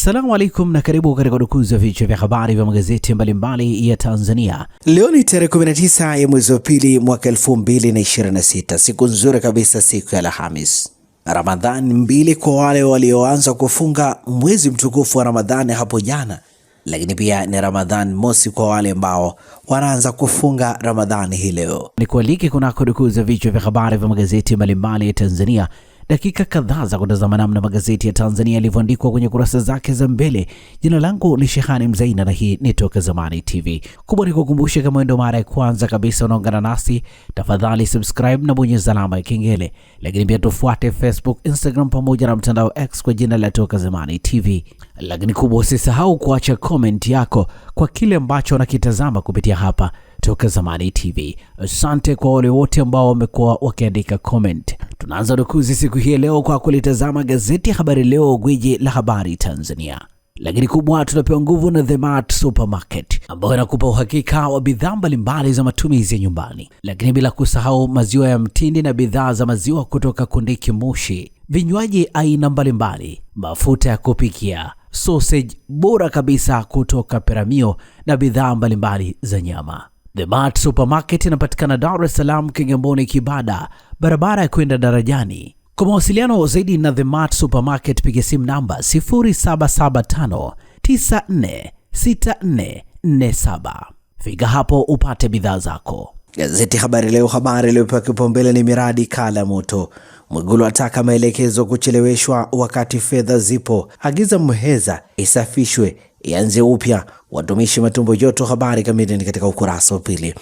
Assalamu alaikum na karibu katika udukuzi wa vichwa vya habari vya magazeti mbalimbali mbali ya Tanzania. Leo ni tarehe 19 ya mwezi wa pili mwaka 2026, siku nzuri kabisa, siku ya Alhamis. Ramadhani mbili kwa wale walioanza kufunga mwezi mtukufu wa Ramadhani hapo jana, lakini pia ni Ramadhani mosi kwa wale ambao wanaanza kufunga Ramadhani hii leo. Ni kualike kunako dukuzi wa vichwa vya habari vya magazeti mbalimbali ya Tanzania dakika kadhaa za kutazama namna magazeti ya Tanzania yalivyoandikwa kwenye kurasa zake za mbele. Jina langu ni Shehani Mzaina na hii ni Toka Zamani TV. Kubwa ni kukumbusha kama ndio mara ya kwanza kabisa unaungana nasi, tafadhali subscribe na bonyeza alama ya kengele, lakini pia tufuate Facebook, Instagram pamoja na mtandao X kwa jina la Toka Zamani TV. Lakini kubwa, usisahau kuacha comment yako kwa kile ambacho unakitazama kupitia hapa toka Zamani TV. Asante kwa wale wote ambao wamekuwa wakiandika comment. Tunaanza rukuzi siku hii leo kwa kulitazama gazeti ya Habari Leo, gwiji la habari Tanzania. Lakini kubwa tunapewa nguvu na The Mart Supermarket ambayo inakupa uhakika wa bidhaa mbalimbali za matumizi ya nyumbani, lakini bila kusahau maziwa ya mtindi na bidhaa za maziwa kutoka kundi Moshi, vinywaji aina mbalimbali, mafuta ya kupikia, sausage bora kabisa kutoka Peramio na bidhaa mbalimbali za nyama. The Mart Supermarket inapatikana Dar es Salaam, Kigamboni, Kibada, barabara ya kwenda darajani. Kwa mawasiliano zaidi na The Mart Supermarket piga simu namba 0775946447. Fika hapo upate bidhaa zako. Gazeti Habari Leo, habari iliyopewa kipaumbele ni miradi kala moto. Mwigulu ataka maelekezo kucheleweshwa wakati fedha zipo, agiza Muheza isafishwe ianze upya, watumishi matumbo joto. Habari kamili ni katika ukurasa wa pili.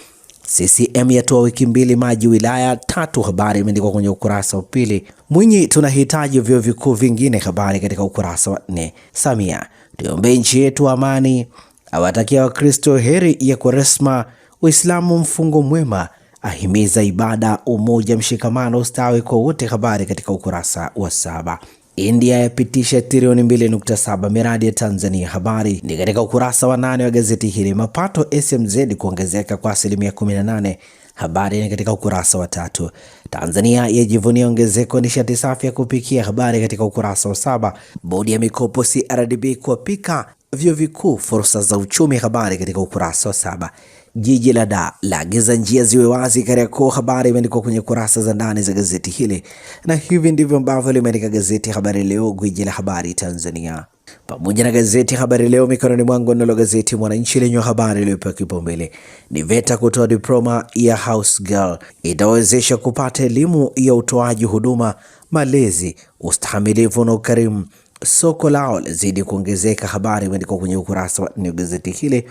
CCM yatoa wiki mbili maji wilaya tatu. Habari imeandikwa kwenye ukurasa wa pili. Mwinyi, tunahitaji vyuo vikuu vingine. Habari katika ukurasa wa nne. Samia, tuombe nchi yetu amani, awatakia Wakristo heri ya Kwaresma, Uislamu mfungo mwema, ahimiza ibada, umoja, mshikamano, ustawi kwa wote. Habari katika ukurasa wa saba. India yapitisha trilioni 2.7 miradi ya Tanzania. Habari ni katika ukurasa wa nane wa gazeti hili. Mapato SMZ kuongezeka kwa asilimia 18. Habari ni katika ukurasa wa tatu. Tanzania yajivunia ongezeko nishati safi ya kupikia. Habari katika ukurasa wa saba. Bodi ya mikopo CRDB kuwapika vyuo vikuu fursa za uchumi. Habari katika ukurasa wa saba. Jiji la Dar laagiza njia ziwe wazi Kariakoo. Habari imeandikwa kwenye kurasa za ndani za gazeti hili, na hivi ndivyo ambavyo limeandika gazeti Habari Leo, gwiji la habari Tanzania, pamoja na gazeti Habari Leo mikononi mwangu. Nalo gazeti Mwananchi lenye habari iliyopewa kipaumbele ni VETA kutoa diploma ya house girl itawezesha kupata elimu ya utoaji huduma, malezi, ustahimilivu na ukarimu. Soko lao lazidi kuongezeka, habari imeandikwa kwenye ukurasa wa nne wa gazeti hili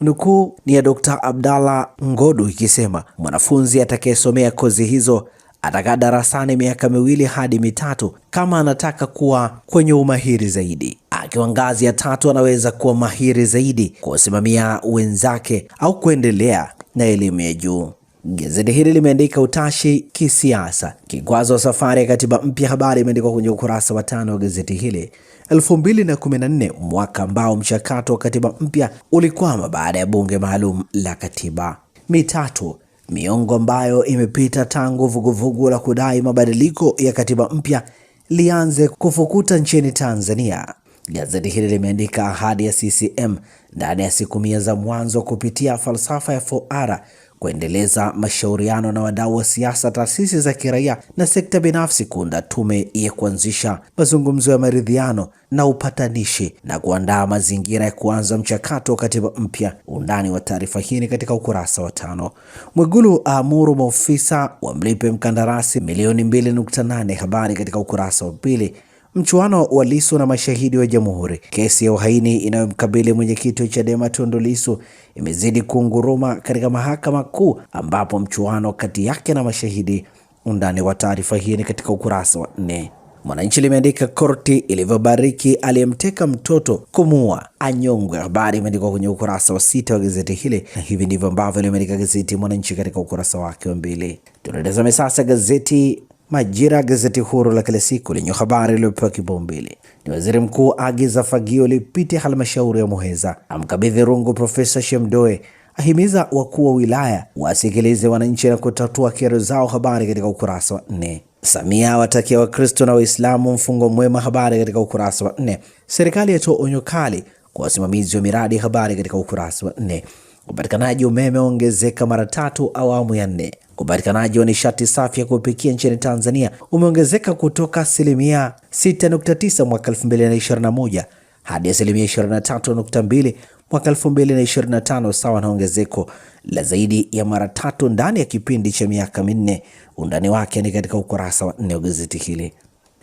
Nukuu ni ya Dr. Abdalla Ngodu ikisema mwanafunzi atakayesomea kozi hizo atakaa darasani miaka miwili hadi mitatu kama anataka kuwa kwenye umahiri zaidi. Akiwa ngazi ya tatu, anaweza kuwa mahiri zaidi kuwasimamia wenzake au kuendelea na elimu ya juu. Gazeti hili limeandika utashi kisiasa, kikwazo wa safari ya katiba mpya. Habari imeandikwa kwenye ukurasa wa tano wa gazeti hili. 2014 mwaka ambao mchakato wa katiba mpya ulikwama baada ya bunge maalum la katiba. Mitatu miongo ambayo imepita tangu vuguvugu la kudai mabadiliko ya katiba mpya lianze kufukuta nchini Tanzania. Gazeti hili limeandika ahadi ya CCM ndani ya siku mia za mwanzo kupitia falsafa ya 4R kuendeleza mashauriano na wadau wa siasa, taasisi za kiraia na sekta binafsi kuunda tume ya kuanzisha mazungumzo ya maridhiano na upatanishi na kuandaa mazingira ya kuanza mchakato wa katiba mpya. Undani wa taarifa hii ni katika ukurasa wa tano. Mwigulu aamuru maofisa wamlipe mkandarasi milioni 2.8, habari katika ukurasa wa pili. Mchuano wa Lissu na mashahidi wa Jamhuri. Kesi ya uhaini inayomkabili mwenyekiti wa Chadema Tundu Lissu imezidi kunguruma katika mahakama kuu, ambapo mchuano kati yake na mashahidi. Undani wa taarifa hii ni katika ukurasa wa nne. Mwananchi limeandika korti ilivyobariki aliyemteka mtoto kumua anyongwe. Habari imeandikwa kwenye ukurasa wa sita wa gazeti hili, na hivi ndivyo ambavyo limeandika gazeti Mwananchi katika ukurasa wake wa mbili. Tunatazame sasa gazeti Majira, gazeti huru la kila siku lenye habari iliyopewa kipaumbele ni waziri mkuu agiza fagio lipite halmashauri ya Muheza, amkabidhi rungu Profesa Shemdoe, ahimiza wakuu wa wilaya wasikilize wananchi na kutatua kero zao. Habari katika ukurasa wa nne. Samia awatakia Wakristo na Waislamu mfungo mwema. Habari katika ukurasa wa nne. Serikali yatoa onyo kali kwa wasimamizi wa miradi. Habari katika ukurasa wa nne. Upatikanaji umeme ongezeka mara tatu awamu ya nne. Upatikanaji wa nishati safi ya kupikia nchini Tanzania umeongezeka kutoka asilimia 6.9 mwaka 2021 hadi asilimia 23.2 mwaka 2025, sawa na ongezeko la zaidi ya mara tatu ndani ya kipindi cha miaka minne. Undani wake ni katika ukurasa wa nne wa gazeti hili.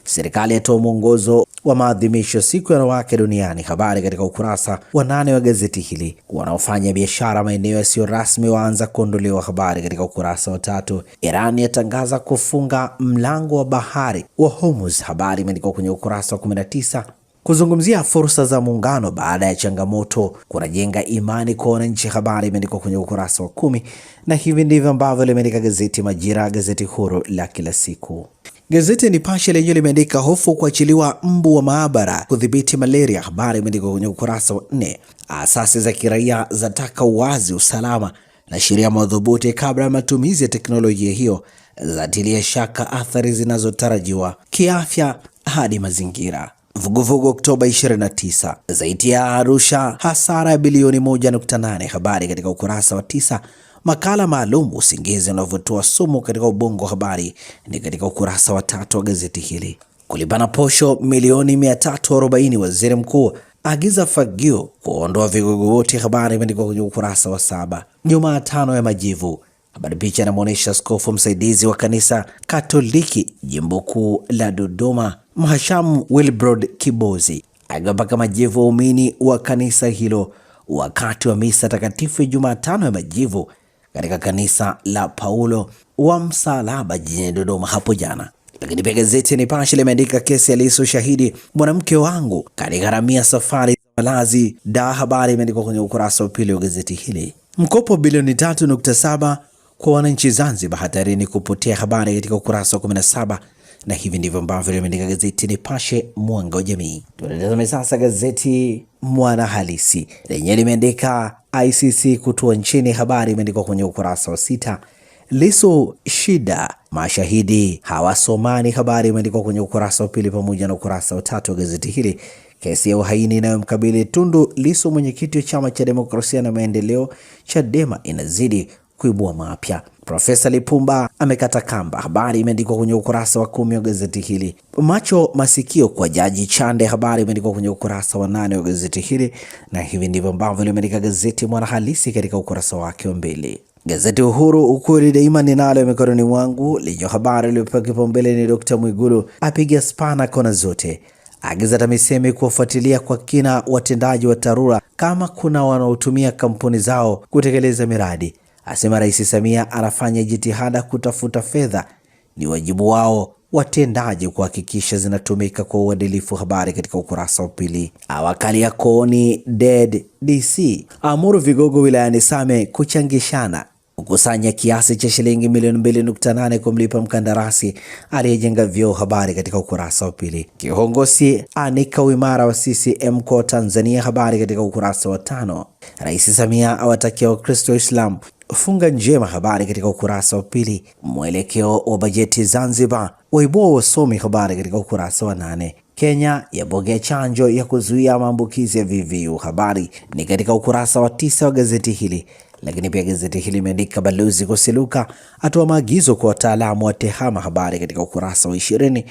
Serikali yatoa mwongozo wa maadhimisho ya siku ya wanawake duniani, habari katika ukurasa wa nane wa gazeti hili. Wanaofanya biashara maeneo yasiyo rasmi waanza kuondolewa, habari katika ukurasa wa tatu. Iran yatangaza kufunga mlango wa bahari wa Hormuz, habari imeandikwa kwenye ukurasa wa 19 kuzungumzia fursa za muungano baada ya changamoto kunajenga imani kwa wananchi, habari imeandikwa kwenye ukurasa wa kumi, na hivi ndivyo ambavyo limeandika gazeti Majira, gazeti huru la kila siku. Gazeti ya Nipashe lenyewe limeandika hofu kuachiliwa mbu wa maabara kudhibiti malaria. Habari imeandikwa kwenye ukurasa wa nne. Asasi za kiraia zataka uwazi, usalama na sheria madhubuti kabla ya matumizi ya teknolojia hiyo, zatilia shaka athari zinazotarajiwa kiafya hadi mazingira. Vuguvugu Oktoba 29 zaidi ya Arusha hasara ya bilioni 1.8. Habari katika ukurasa wa tisa. Makala maalum usingizi unavyotoa sumu katika ubongo wa habari ni katika ukurasa wa tatu wa gazeti hili. Kulipana posho milioni 340, waziri mkuu agiza fagio kuondoa vigogo wote. Habari imeandikwa kwenye ukurasa wa saba. tano ya majivu Habari picha inamwonyesha askofu msaidizi wa kanisa Katoliki jimbo kuu la Dodoma, Mhashamu Wilbrod Kibozi akiwapaka majivu waumini wa kanisa hilo wakati wa misa takatifu ya Jumatano ya majivu katika kanisa la Paulo wa Msalaba jijini Dodoma hapo jana. Lakini pia gazeti ya Nipashe limeandika kesi ya Lissu shahidi mwanamke wangu kaligharamia safari za malazi da. Habari imeandikwa kwenye ukurasa wa pili wa gazeti hili. Mkopo bilioni 3.7 kwa wananchi Zanzibar hatarini kupotea. Habari katika ukurasa wa 17 na hivi ndivyo ambavyo limeandika gazeti Nipashe mwanga wa jamii. Tunatazame sasa gazeti Mwana Halisi lenye limeandika ICC kutua nchini, habari imeandikwa kwenye ukurasa wa sita. Lisu shida, mashahidi hawasomani, habari imeandikwa kwenye ukurasa wa pili pamoja na ukurasa wa tatu wa gazeti hili. Kesi ya uhaini inayomkabili Tundu Lisu, mwenyekiti wa chama cha demokrasia na maendeleo Chadema, inazidi kuibua mapya. Profesa Lipumba amekata kamba, habari imeandikwa kwenye ukurasa wa kumi wa gazeti hili. Macho masikio kwa Jaji Chande, habari imeandikwa kwenye ukurasa wa nane wa gazeti hili, na hivi ndivyo ambavyo limeandika gazeti Mwanahalisi katika ukurasa wake wa mbili. Gazeti Uhuru ukweli daima ninalo mikononi mwangu lenye habari iliyopewa kipaumbele ni Dkt. Mwigulu apiga spana kona zote, agiza TAMISEMI kuwafuatilia kwa kina watendaji wa TARURA kama kuna wanaotumia kampuni zao kutekeleza miradi asema Rais Samia anafanya jitihada kutafuta fedha, ni wajibu wao watendaji kuhakikisha zinatumika kwa uadilifu. Habari katika ukurasa wa pili. ya koni DED DC amuru vigogo wilayani Same kuchangishana kukusanya kiasi cha shilingi milioni 2.8 kumlipa mkandarasi aliyejenga vyoo. Habari katika ukurasa wa pili. Kiongozi anika uimara wa CCM kwa Tanzania. Habari katika ukurasa wa tano. Rais Samia awatakia Wakristo Waislamu Funga Njema habari katika ukurasa wa pili. Mwelekeo wa bajeti Zanzibar waibua wasomi, habari katika ukurasa wa nane. Kenya yabogea chanjo ya kuzuia maambukizi ya VVU, habari ni katika ukurasa wa tisa wa gazeti hili. Lakini pia gazeti hili limeandika Balozi Kusiluka atoa maagizo kwa wataalamu wa TEHAMA, habari katika ukurasa wa ishirini,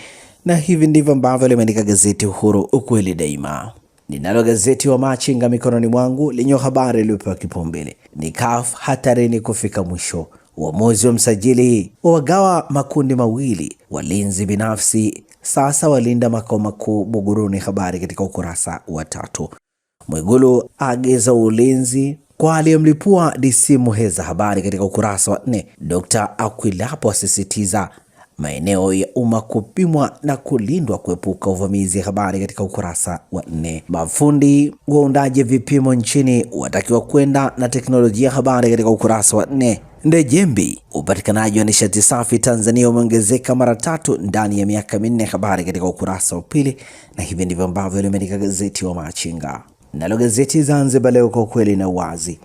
na hivi ndivyo ambavyo limeandika gazeti Uhuru, ukweli daima. Ninalo gazeti wa Machinga mikononi mwangu lenye habari iliyopewa kipaumbele ni CAF hatarini kufika mwisho. Uamuzi wa msajili wa wagawa makundi mawili, walinzi binafsi sasa walinda makao makuu Buguruni. Habari katika ukurasa wa tatu. Mwigulu aagiza ulinzi kwa aliyemlipua DC Muheza. Habari katika ukurasa wa nne. Dr Akwilapo asisitiza maeneo ya umma kupimwa na kulindwa kuepuka uvamizi. Habari katika ukurasa wa nne. Mafundi waundaji vipimo nchini watakiwa kwenda na teknolojia. Habari katika ukurasa wa nne. Ndejembi, upatikanaji wa nishati safi Tanzania umeongezeka mara tatu ndani ya miaka minne. Habari katika ukurasa wa pili, na hivi ndivyo ambavyo limeandika gazeti wa Machinga. Nalo gazeti Zanzibar Leo, kwa ukweli na uwazi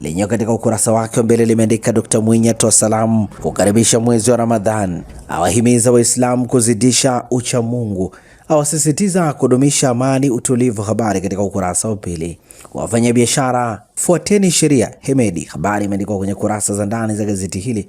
lenyewe katika ukurasa wake wa mbele limeandika Dr. Mwinyi atoa salamu kukaribisha mwezi wa Ramadhan, awahimiza Waislamu kuzidisha uchamungu, awasisitiza kudumisha amani, utulivu. Habari katika ukurasa wa pili. Wafanyabiashara fuateni sheria Hemedi, habari imeandikwa kwenye kurasa za ndani za gazeti hili.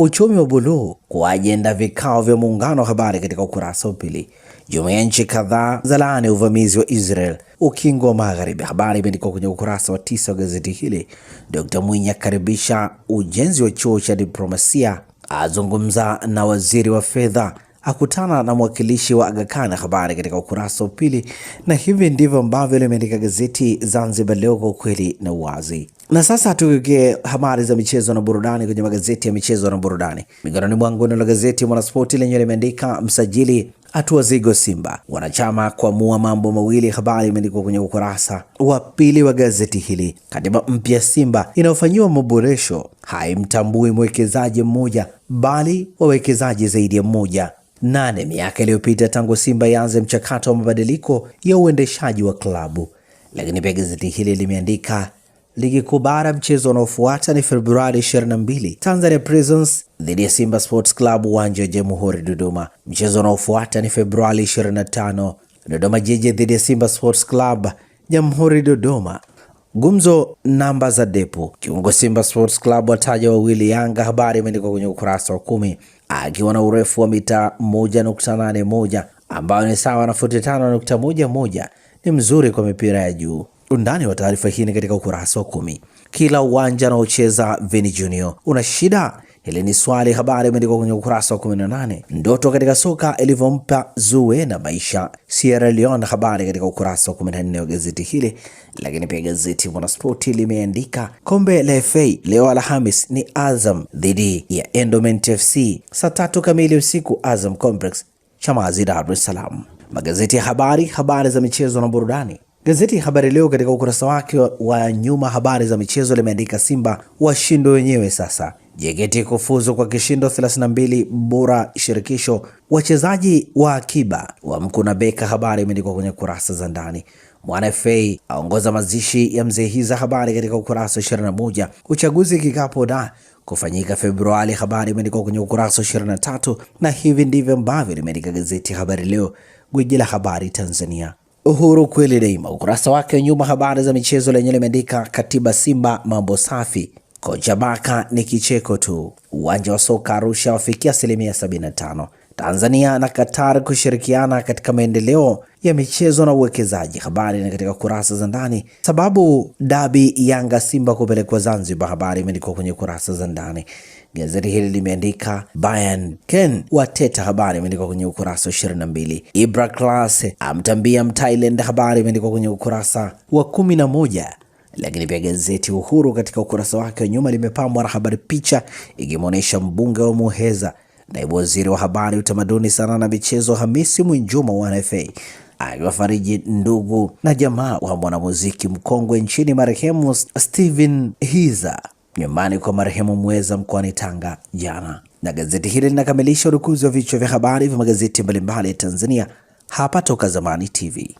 Uchumi wa buluu kwa ajenda vikao vya muungano wa habari katika ukurasa wa pili. Jumuiya nchi kadhaa zalaani uvamizi wa Israel ukingo wa magharibi. Habari imeandikwa kwenye ukurasa wa tisa wa gazeti hili. Dkt Mwinyi akaribisha ujenzi wa chuo cha diplomasia, azungumza na waziri wa fedha, akutana na mwakilishi wa Aga Khan. Habari katika ukurasa wa pili, na hivi ndivyo ambavyo limeandika gazeti Zanzibar Leo, kwa ukweli na uwazi. Na sasa tuukie habari za michezo na burudani kwenye magazeti ya michezo na burudani. Mikononi mwangu nalo gazeti ya Mwanaspoti lenye limeandika msajili hatua zigo Simba wanachama kuamua mambo mawili. Habari imeandikwa kwenye ukurasa wa pili wa gazeti hili. Katiba mpya Simba inayofanyiwa maboresho haimtambui mwekezaji mmoja bali wawekezaji zaidi ya mmoja. Nane miaka iliyopita tangu Simba ianze mchakato wa mabadiliko ya uendeshaji wa klabu. Lakini pia gazeti hili limeandika Ligi Kuu Bara, mchezo unaofuata ni Februari 22, Tanzania Prisons dhidi ya Simba Sports Club, uwanja wa Jamhuri Dodoma. Mchezo unaofuata ni Februari 25, Dodoma Jiji dhidi ya Simba Sports Club, Jamhuri Dodoma. Gumzo namba za depo, Kiungo Simba Sports Club wataja wawili Yanga. Habari imeandikwa kwenye ukurasa wa kumi. Akiwa na urefu wa mita 1.81 ambayo ni sawa na futi 5.11 ni mzuri kwa mipira ya juu. Undani wa taarifa hii ni katika ukurasa wa kumi. Kila uwanja anaocheza Vini Junior una shida, hili ni swali. Habari imeandikwa kwenye ukurasa wa 18. Ndoto katika soka ilivyompa zue na maisha Sierra Leone, habari katika ukurasa wa 14 wa gazeti hili. Lakini pia gazeti Mwanaspoti limeandika kombe la FA leo Alhamis ni Azam dhidi ya Endoment FC saa tatu kamili usiku, Azam Complex Chamazi, Dar es Salaam. Magazeti ya habari, habari za michezo na burudani Gazeti Habari Leo katika ukurasa wake wa nyuma, habari za michezo limeandika Simba washindo wenyewe sasa, Jegeti kufuzu kwa kishindo 32 bora shirikisho, wachezaji wa akiba wa mkuna beka, habari imeandikwa kwenye kurasa za ndani. Mwana FA aongoza mazishi ya mzee Hiza, habari katika ukurasa 21. Uchaguzi kikapo da kufanyika Februari, habari imeandikwa kwenye ukurasa 23, na hivi ndivyo ambavyo limeandika gazeti Habari Leo, gwiji la habari Tanzania. Uhuru kweli daima. Ukurasa wake wa nyuma habari za michezo lenyewe limeandika katiba Simba mambo safi, kocha Baka ni kicheko tu, uwanja wa soka Arusha wafikia asilimia 75, Tanzania na Qatar kushirikiana katika maendeleo ya michezo na uwekezaji. Habari ni katika kurasa za ndani. Sababu dabi Yanga Simba kupelekwa Zanzibar, habari imeandikwa kwenye kurasa za ndani. Gazeti hili limeandika Bayern Ken wateta, habari imeandikwa kwenye ukurasa wa 22. Ibra Class amtambia Mtailand, habari imeandikwa kwenye ukurasa wa moja lakini pia gazeti Uhuru katika ukurasa wake wa nyuma limepambwa na habari, picha ikimwonyesha mbunge wa Muheza, naibu waziri wa habari, utamaduni, sanaa na michezo Hamisi Mwinjuma wa NFA akiwafariji ndugu na jamaa wa mwanamuziki mkongwe nchini marehemu Steven Hiza nyumbani kwa marehemu mweza mkoani Tanga jana. Na gazeti hili linakamilisha urukuzi wa vichwa vya habari vya magazeti mbalimbali ya Tanzania hapa Toka Zamani TV.